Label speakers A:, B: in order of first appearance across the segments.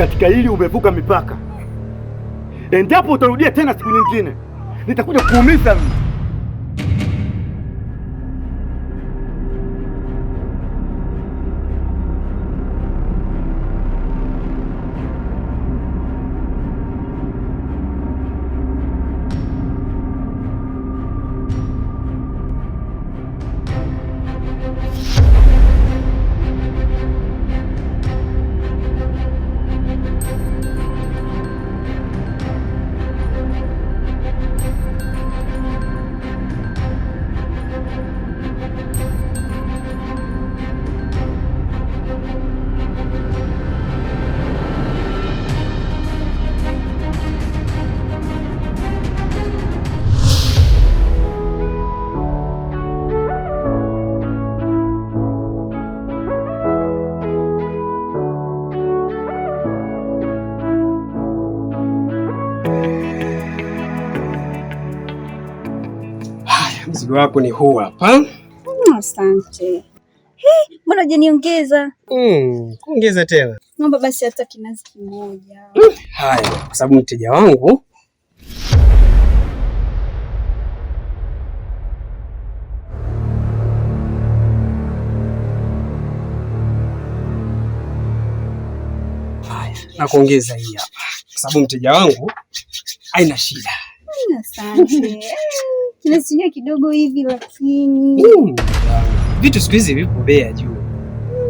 A: katika hili umevuka mipaka. Endapo utarudia tena siku nyingine, nitakuja kuumiza mimi. Mzigo wako ni huu hapa.
B: Ah, asante. He, mbona hujaniongeza?
A: Mm, kuongeza tena. Naomba basi hata
B: kinazi kimoja. Mm, haya,
A: kwa sababu mteja wangu na kuongeza hii hapa, kwa sababu mteja wangu haina shida. Asante.
B: kinasinia kidogo hivi lakini
A: vitu siku hizi vipo bei ya juu.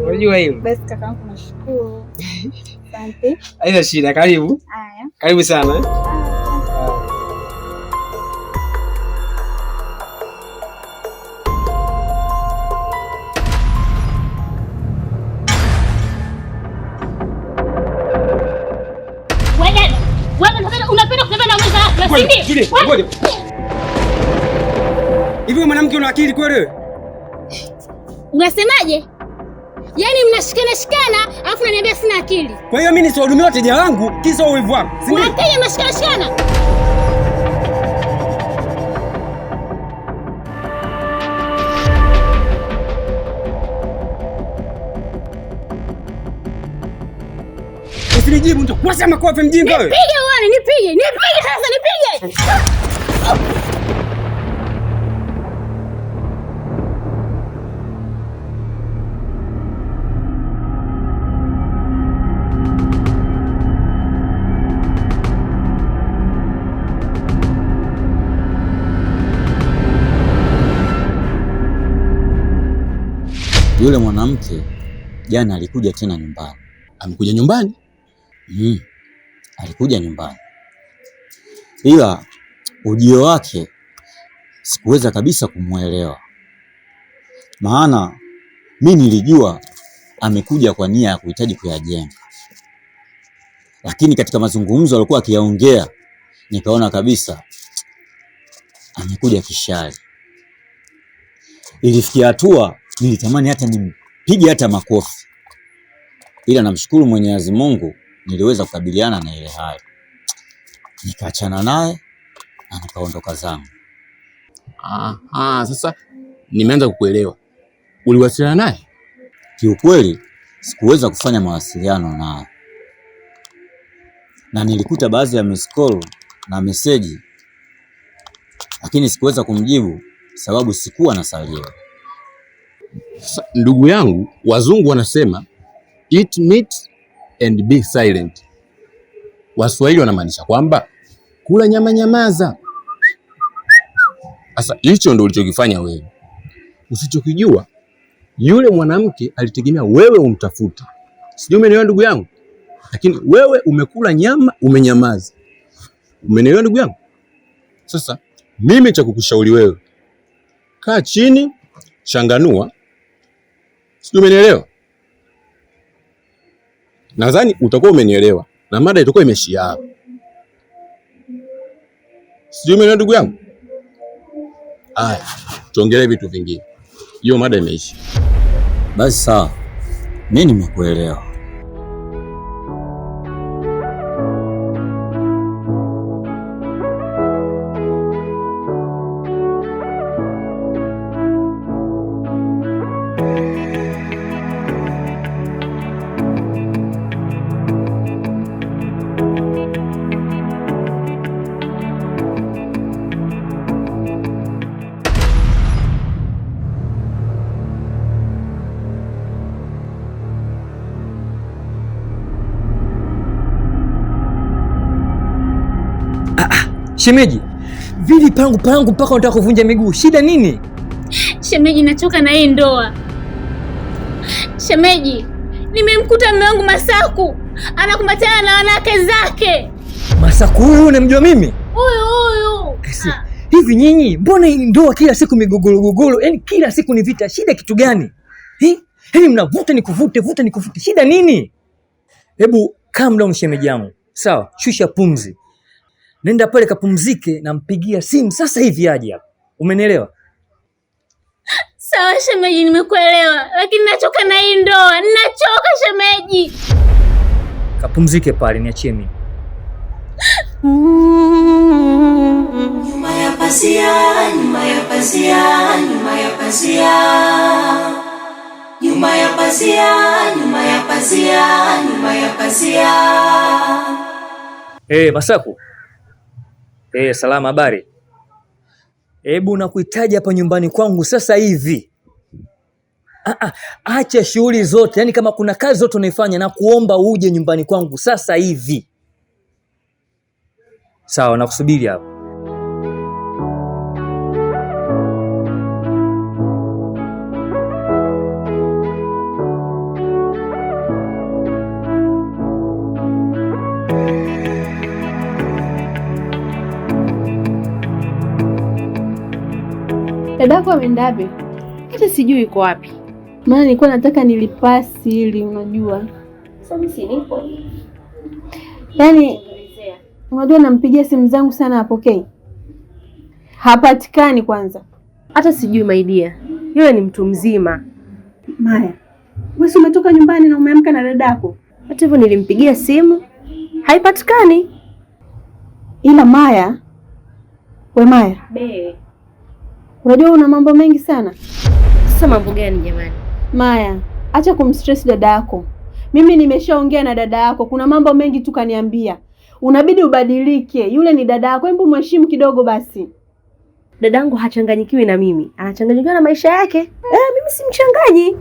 A: Unajua hiyo? Basi kakaangu, nashukuru.
B: Asante. Haina
A: shida, karibu. Haya. Karibu sana
C: eh. Wewe unapenda kutembea na
A: mwenza, si ndio? Hivi mwanamke una akili kweli?
C: Unasemaje? Yaani mnashikana shikana alafu unaniambia
A: sina akili. Kwa hiyo mimi nisiwahudumia wateja wangu kisa uwivu wako. Wateja mnashikana shikana. Usinijibu mtu. Wasema kwa mjinga wewe.
C: Nipige uone, nipige, nipige sasa, nipige.
A: Yule mwanamke jana alikuja tena nyumbani. Amekuja nyumbani? Mm. Alikuja nyumbani, ila ujio wake sikuweza kabisa kumwelewa, maana mi nilijua amekuja kwa nia ya kuhitaji kuyajenga, lakini katika mazungumzo alikuwa akiyaongea, nikaona kabisa amekuja kishari. Ilifikia hatua nilitamani hata nimpige hata makofi, ila namshukuru Mwenyezi Mungu niliweza kukabiliana na ile hali, nikaachana naye na nikaondoka zangu. Aha, sasa nimeanza kukuelewa. Uliwasiliana naye? Kiukweli sikuweza kufanya mawasiliano naye, na nilikuta baadhi ya miss call na meseji, lakini sikuweza kumjibu sababu sikuwa na salio. Ndugu yangu, wazungu wanasema eat meat and be silent. Waswahili wanamaanisha kwamba kula nyama, nyamaza. Sasa hicho ndio ulichokifanya wewe. Usichokijua yule mwanamke alitegemea wewe umtafuta, sijui umenielewa ndugu yangu, lakini wewe umekula nyama, umenyamaza. Umenielewa ndugu yangu? Sasa mimi cha kukushauri wewe, kaa chini, changanua Sijui umenielewa? Nadhani utakuwa umenielewa na mada itakuwa imeshia hapo. Sijui umenielewa ndugu yangu? Aya, tuongelee vitu vingine. Hiyo mada imeisha. Basi sawa. Mimi nimekuelewa. Shemeji, vili pangu pangu mpaka unataka kuvunja miguu, shida nini?
D: Shemeji, nachoka na hii ndoa. Shemeji, nimemkuta mume wangu Masaku anakumbatana na wanawake zake.
A: Masaku huyu namjua mimi,
D: huyu huyu. Eh, ah. Hivi
A: nyinyi mbona hii ndoa kila siku migogoro gogoro, yaani kila siku ni vita, shida kitu gani? Yaani mnavuta ni kuvute vuta ni kuvute shida nini? Hebu calm down shemeji yangu, sawa? Shusha pumzi nenda pale kapumzike, nampigia simu sasa hivi aje hapa. Umenielewa?
D: Sawa shemeji, nimekuelewa, lakini nachoka na hii ndoa, nachoka shemeji.
A: Kapumzike pale, niachie mimi. Nyuma ya pazia, nyuma ya pazia, nyuma ya pazia, nyuma ya pazia, nyuma ya pazia, nyuma ya pazia. Eh, Masaku Eh, salama habari. Hebu nakuhitaji hapa nyumbani kwangu sasa hivi. Ah, ah, acha shughuli zote, yaani kama kuna kazi zote unaifanya, na kuomba uje nyumbani kwangu sasa hivi. Sawa, nakusubiri hapo.
E: Dadako ameendaje? Hata sijui yuko wapi. Maana nilikuwa nataka nilipasi ili unajua.
F: Sasa mimi si nipo.
E: Yaani unajua nampigia simu zangu sana hapokei. Hapatikani kwanza. Hata sijui maidia. Yule ni mtu mzima.
G: Maya. Wewe umetoka nyumbani na umeamka na dadako.
E: Hata hivyo nilimpigia simu haipatikani.
G: Ila Maya,
F: we Maya. Be.
G: Unajua una mambo mengi sana.
E: Sasa mambo gani jamani? Maya,
G: acha kumstress dada yako. Mimi nimeshaongea na dada yako, kuna mambo mengi tu kaniambia. Unabidi ubadilike, yule ni dada yako, hebu mheshimu kidogo basi.
E: Dadangu hachanganyikiwi na mimi, anachanganyikiwa na maisha yake. Eh, eh mimi simchanganyi.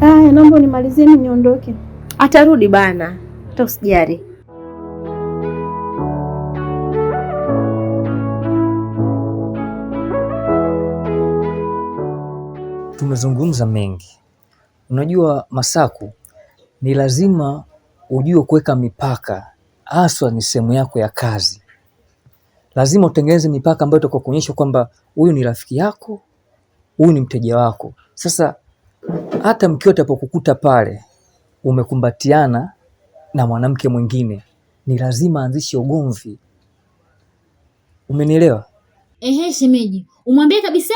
E: Aya, naomba
G: nimalizie, mimi niondoke. Atarudi
E: bana, hata usijali.
A: tumezungumza mengi. Unajua Masaku, ni lazima ujue kuweka mipaka, haswa ni sehemu yako ya kazi. Lazima utengeneze mipaka ambayo itakuwa kuonyesha kwamba huyu ni rafiki yako, huyu ni mteja wako. Sasa hata mkiwa atapokukuta pale umekumbatiana na mwanamke mwingine, ni lazima anzishe ugomvi. Umenielewa? Ehe
C: shemeji, umwambie kabisa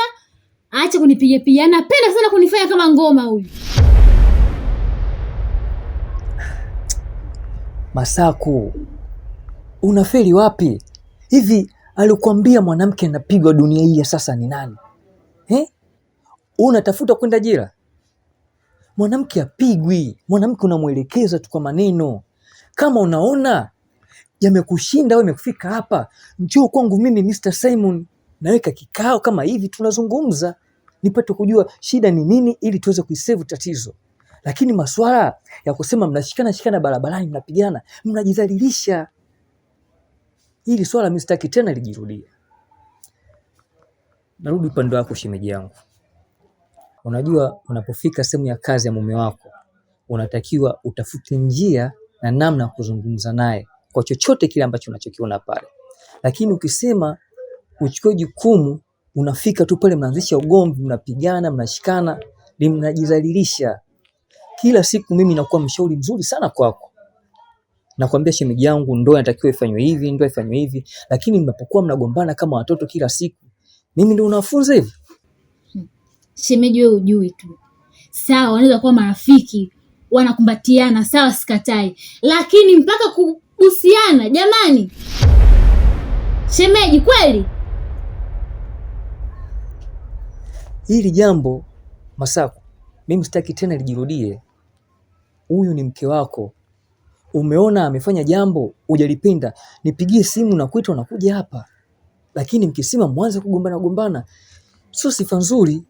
C: Acha kunipiga pia, anapenda sana kunifanya kama ngoma huyu.
A: Masaku, unafeli wapi? Hivi alikuambia mwanamke anapigwa dunia hii ya sasa ni nani eh? Unatafuta kwenda jira Mwanamke apigwi, mwanamke unamwelekeza tu kwa maneno. Kama unaona yamekushinda au imekufika hapa, njoo kwangu mimi Mr. Simon naweka kikao kama hivi, tunazungumza nipate kujua shida ni nini, ili tuweze kuisevu tatizo. Lakini masuala ya kusema mnashikana shikana barabarani, mnapigana, mnajidhalilisha, hili swala mimi sitaki tena lijirudia. Narudi upande wako shemeji yangu, unajua unapofika sehemu ya kazi ya mume wako, unatakiwa utafute njia na namna ya kuzungumza naye kwa chochote kile ambacho unachokiona pale, lakini ukisema uchukue jukumu, unafika tu pale mnaanzisha ugomvi, mnapigana, mnashikana, mnajidhalilisha. Kila siku mimi nakuwa mshauri mzuri sana kwako, nakwambia shemeji yangu, ndoa inatakiwa ifanywe hivi, ndoa ifanywe hivi, lakini mnapokuwa mnagombana kama watoto kila siku, mimi ndio unafunza hivi?
C: Shemeji wewe ujui tu. Sawa, wanaweza kuwa marafiki wanakumbatiana, sawa, sikatai, lakini mpaka kubusiana, jamani shemeji, kweli
A: Hili jambo Masaku, mimi sitaki tena lijirudie. Huyu ni mke wako, umeona amefanya jambo ujalipinda, nipigie simu na kuitwa nakuja hapa, lakini mkisema mwanze kugombana gombana, sio sifa nzuri.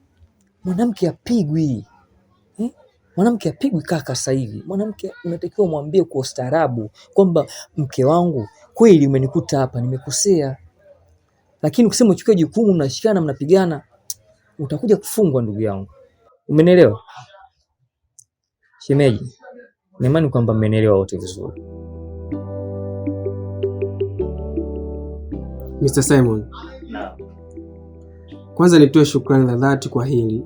A: Mwanamke apigwi eh? Mwanamke apigwi kaka. Sasa hivi mwanamke unatakiwa mwambie kwa ustaarabu kwamba mke wangu, kweli umenikuta hapa, nimekosea, lakini ukisema uchukue jukumu, mnashikana mnapigana utakuja kufungwa ndugu yangu, umenielewa shemeji? Naimani kwamba mmenielewa wote vizuri.
H: Mr. Simon, kwanza nitoe shukrani za dhati kwa hili,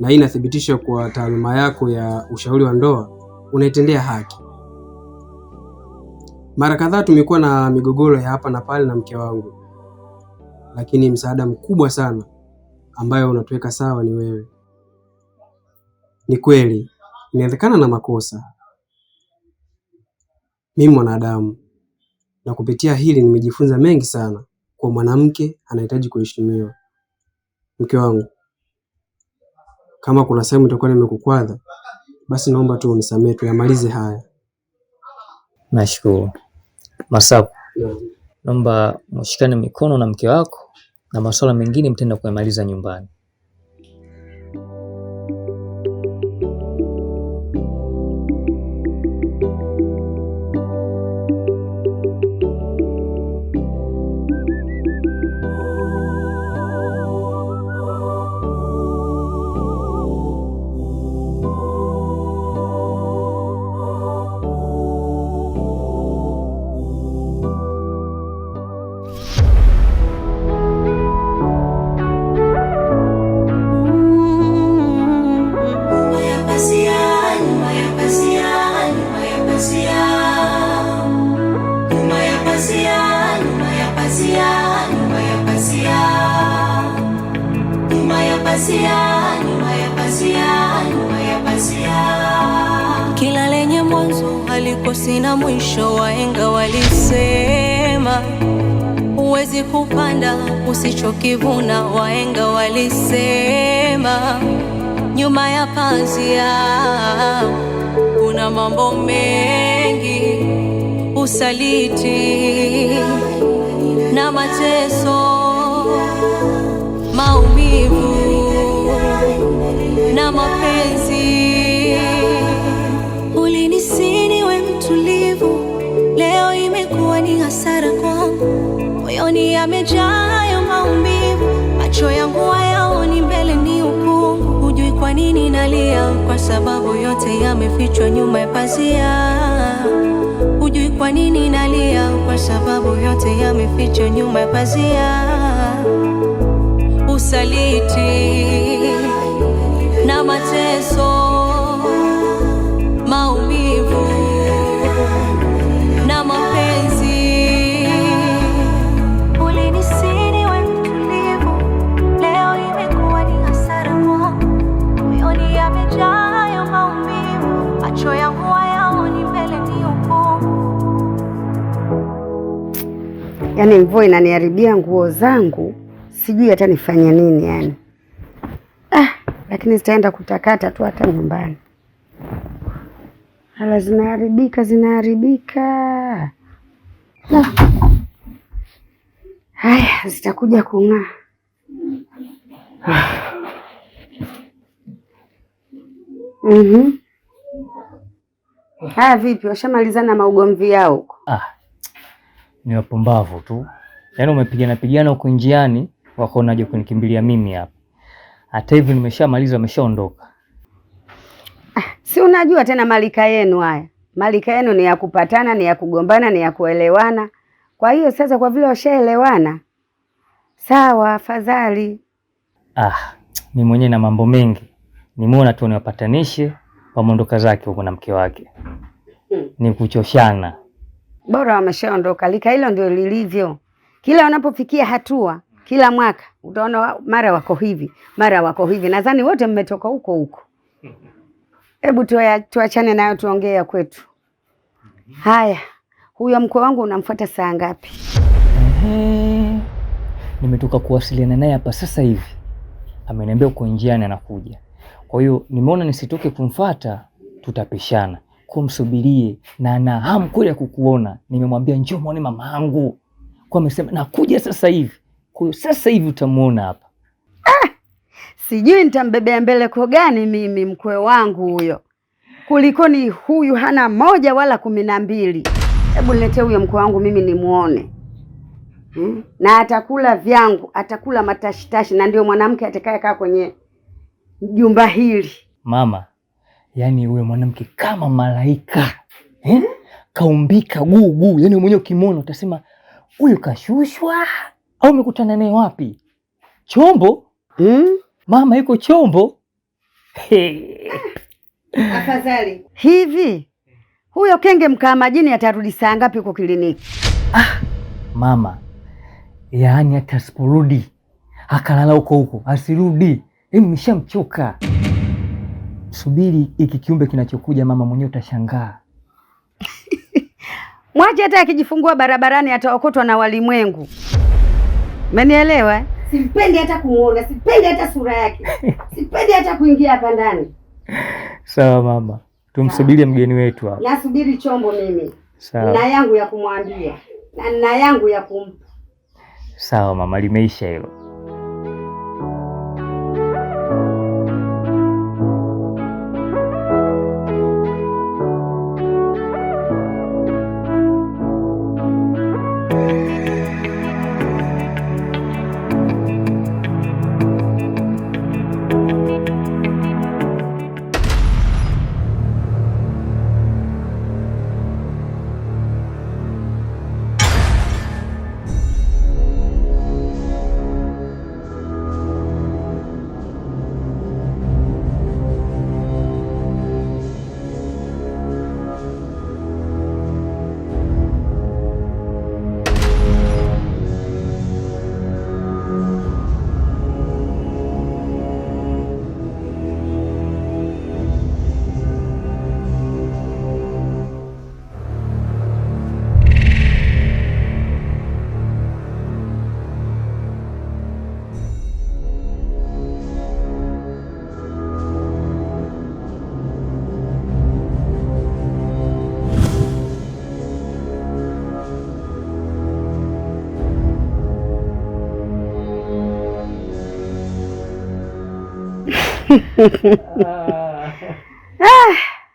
H: na hii inathibitisha kwa taaluma yako ya ushauri wa ndoa unaitendea haki. Mara kadhaa tumekuwa na migogoro ya hapa na pale na mke wangu, lakini msaada mkubwa sana ambayo unatuweka sawa ni wewe. Ni kweli inawezekana na makosa, mimi mwanadamu, na kupitia hili nimejifunza mengi sana, kwa mwanamke anahitaji kuheshimiwa. Mke wangu, kama kuna sehemu itakuwa nimekukwadha, basi naomba tu unisamehe, tuyamalize haya.
A: Nashukuru Masaku, naomba mushikane mikono na mke wako na masuala mengine mtaenda kuyamaliza nyumbani. Huwezi kupanda usichokivuna, wahenga walisema. Nyuma ya pazia
I: kuna mambo mengi, usaliti na mateso, maumivu na mapenzi. Ulinisini we mtulivu, leo imekuwa ni hasara kwangu moyoni yamejaa hayo maumivu, macho yangu hayaoni mbele, ni ukungu. Hujui kwa nini nalia, kwa sababu yote yamefichwa nyuma ya pazia. Hujui kwa nini nalia, kwa sababu yote yamefichwa nyuma ya pazia. Usaliti na mateso yaani mvua inaniharibia nguo zangu, sijui hata nifanye nini yani. Ah, lakini zitaenda kutakata tu hata nyumbani. Hala, zinaharibika zinaharibika. Haya, zitakuja kung'aa. mm -hmm. Haya, vipi washamalizana maugomvi yao
A: huko? ah ni wapumbavu tu. Yaani umepigana pigana huko njiani wako naje kunikimbilia mimi hapa. Hata hivi nimeshamaliza ameshaondoka.
I: Ah, si unajua tena malika yenu haya. Malika yenu ni ya kupatana, ni ya kugombana, ni ya kuelewana. Kwa hiyo sasa kwa vile washaelewana, sawa afadhali.
A: Ah, ni mwenyewe na mambo mengi. Nimeona tu niwapatanishe pamondoka zake huko na mke wake. Hmm. Ni kuchoshana
I: bora wameshaondoka. Lika hilo ndio lilivyo, kila wanapofikia hatua, kila mwaka utaona mara wako hivi, mara wako hivi. Nadhani wote mmetoka huko huko. Hebu tuachane nayo, tuongee ya kwetu. Haya, huyo mkwe wangu unamfuata saa ngapi?
A: nimetoka kuwasiliana naye hapa sasa hivi, ameniambia uko njiani anakuja. Kwa hiyo nimeona nisitoke kumfata, tutapishana kumsubirie na na hamu kweli ya kukuona. Nimemwambia njoo muone mama yangu, kwa amesema nakuja sasa hivi, kwa hiyo sasa hivi utamuona hapa.
I: Ah, sijui nitambebea mbele kwa gani mimi mkwe wangu huyo, kulikoni huyu hana moja wala kumi na mbili. Hebu nilete huyo mkwe wangu mimi nimuone. Hmm? Na atakula vyangu, atakula matashitashi na ndio mwanamke atakayekaa kwenye jumba hili. Mama,
A: Yaani huyo mwanamke kama malaika eh? Kaumbika guguu yani mwenyewe ukimwona utasema huyu kashushwa au umekutana naye wapi? Chombo eh? Mama yuko chombo
I: Afadhali hivi huyo kenge mkaa majini atarudi saa ngapi huko kliniki? Ah,
A: mama, yaani hata asiporudi akalala huko huko asirudi, yaani nimeshamchoka subiri iki kiumbe kinachokuja, mama mwenyewe utashangaa.
I: Mwache hata akijifungua barabarani ataokotwa na walimwengu. Umenielewa? Eh? Sipendi hata kumuona, sipendi hata sura yake, sipendi hata kuingia hapa ndani.
A: Sawa mama, tumsubirie mgeni wetu hapa.
I: Nasubiri chombo mimi na yangu ya kumwambia na na yangu ya kumpa. Sawa
A: mama, limeisha hilo.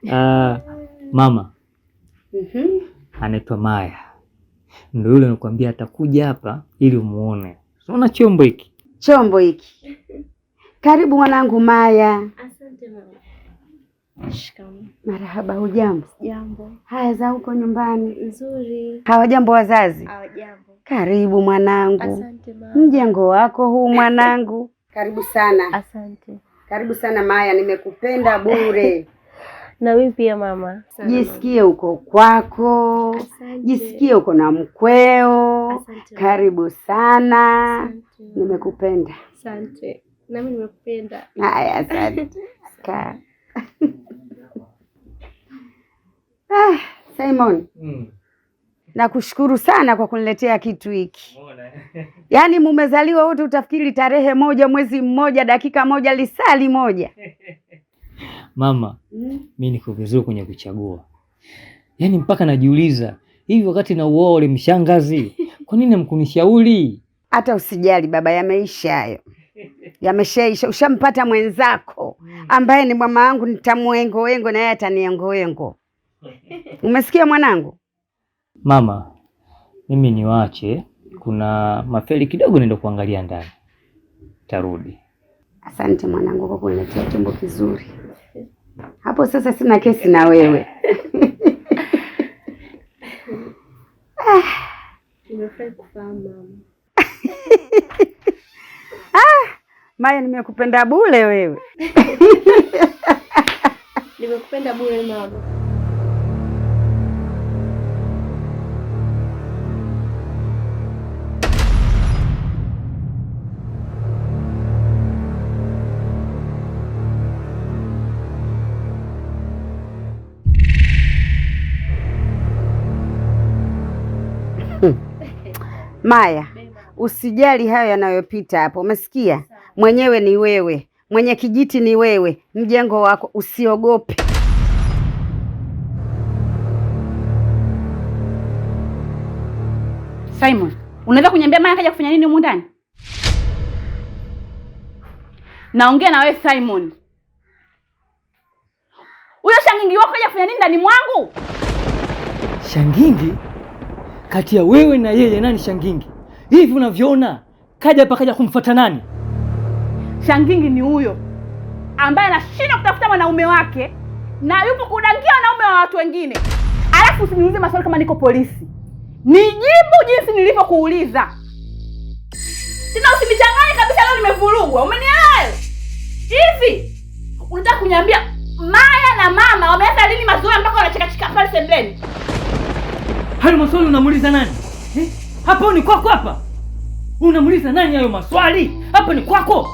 A: Uh, mama mm -hmm. Anaitwa Maya, ndio yule nakwambia atakuja hapa ili umuone. Unaona chombo hiki, chombo
I: hiki. Karibu mwanangu Maya. Asante mama. Shikamoo. Marahaba. Hujambo? Jambo. Haya, za huko nyumbani? Nzuri. Hawajambo wazazi? Hawajambo. Karibu mwanangu. Asante mama. Mjengo wako huu mwanangu. Karibu sana. Asante. Karibu sana Maya, nimekupenda bure.
J: Na mimi pia mama. Jisikie
I: uko kwako. Asante. Jisikie uko na mkweo. Asante. Karibu sana. Asante. Nimekupenda.
J: Asante. Nami nimekupenda. Haya, asante. Ka.
I: Ah, Simon. Mm. Nakushukuru sana kwa kuniletea kitu hiki. Yaani mumezaliwa wote utafikiri tarehe moja, mwezi mmoja, dakika moja, lisali moja.
A: Mama, mm, mi niko vizuri kwenye kuchagua. Yaani mpaka najiuliza hivi, wakati na uoa ule mshangazi, kwa nini mkunishauri? Hata
I: usijali baba, yameisha hayo, yameshaisha. Ushampata mwenzako hmm. ambaye ni mama yangu, nitamwengoengo na yeye ataniengoengo. Umesikia mwanangu?
A: Mama, mimi niwache, kuna mafeli kidogo, nenda kuangalia ndani, tarudi. Asante mwanangu
I: kwa kuniletea chombo kizuri. Hapo sasa sina kesi na wewe.
J: Nimefurahi mama.
I: Ah, Maya nimekupenda bure wewe.
J: Nimekupenda bure mama.
I: Maya, usijali hayo yanayopita hapo, umesikia? Mwenyewe ni wewe, mwenye kijiti ni wewe, mjengo wako, usiogope.
K: Simon, unaweza kuniambia Maya kaja kufanya nini humu ndani? Naongea na wewe Simon. Huyo shangingi wako kaja kufanya nini ndani mwangu?
A: Shangingi? kati ya wewe na yeye, nani shangingi? Hivi unavyoona kaja hapa, kaja kumfuata nani?
K: Shangingi ni huyo ambaye anashindwa kutafuta mwanaume wake na yupo kudangia wanaume wa watu wengine. Alafu usiniulize maswali kama niko polisi, nijibu jinsi nilivyokuuliza. Tena usinichanganye kabisa, leo nimevurugwa, umenielewa? Hivi unataka kuniambia Maya na mama wameanza lini mazoea mpaka wanachekacheka pale sebuleni?
A: Hayo maswali unamuuliza nani eh? Hapo ni kwako, hapa unamuuliza nani hayo maswali? Hapa ni kwako.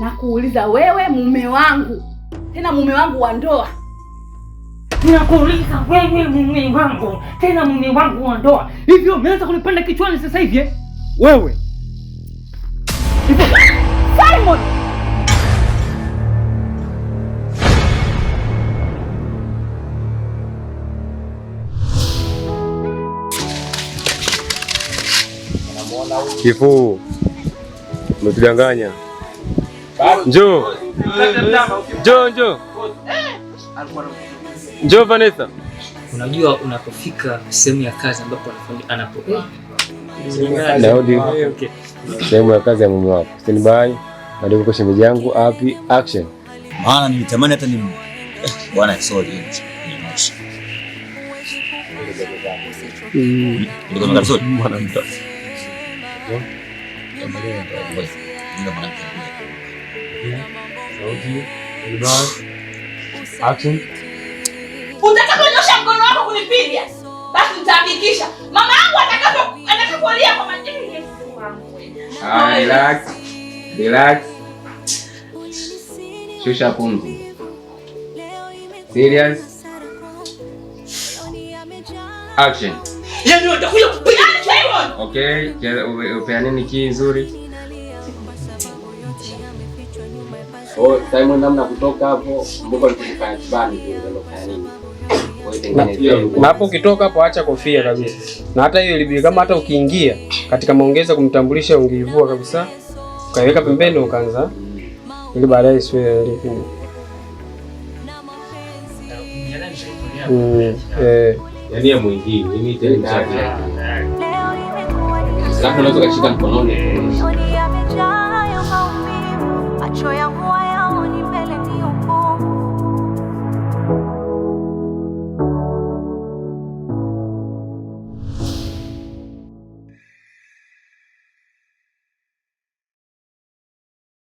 K: Nakuuliza wewe mume wangu, tena mume wangu wa ndoa. Nakuuliza wewe mume wangu, tena mume wangu wa ndoa. Hivyo umeanza kunipanda kichwani sasa hivi eh?
A: Wewe
L: Kifuu umetudanganya. Njoo njoo njoo njoo, Vanessa.
M: Unajua, unapofika sehemu ya kazi ambapo anapo eh.
L: sehemu ya kazi ya mume wako by madogo kwa shemeji yangu api action.
A: Maana nilitamani hata ni bwana, sorry mm.
K: Utakaponyosha mkono wako kunipiga, basi nitahakikisha mama yangu atakapolia kwa majini.
L: Ah, relax, relax, shusha pumzi. Serious. Action. Yaani Okay, nini kii nzuri.
N: Namna kutoka hapo
O: na hapo, ukitoka hapo acha kofia kabisa, na hata hiyo ilibidi, kama hata ukiingia katika maongezi kumtambulisha, ungeivua kabisa ukaiweka pembeni, ukaanza ili baadaye isiwe
P: mm, eh yaani ah. Saco las orejitas con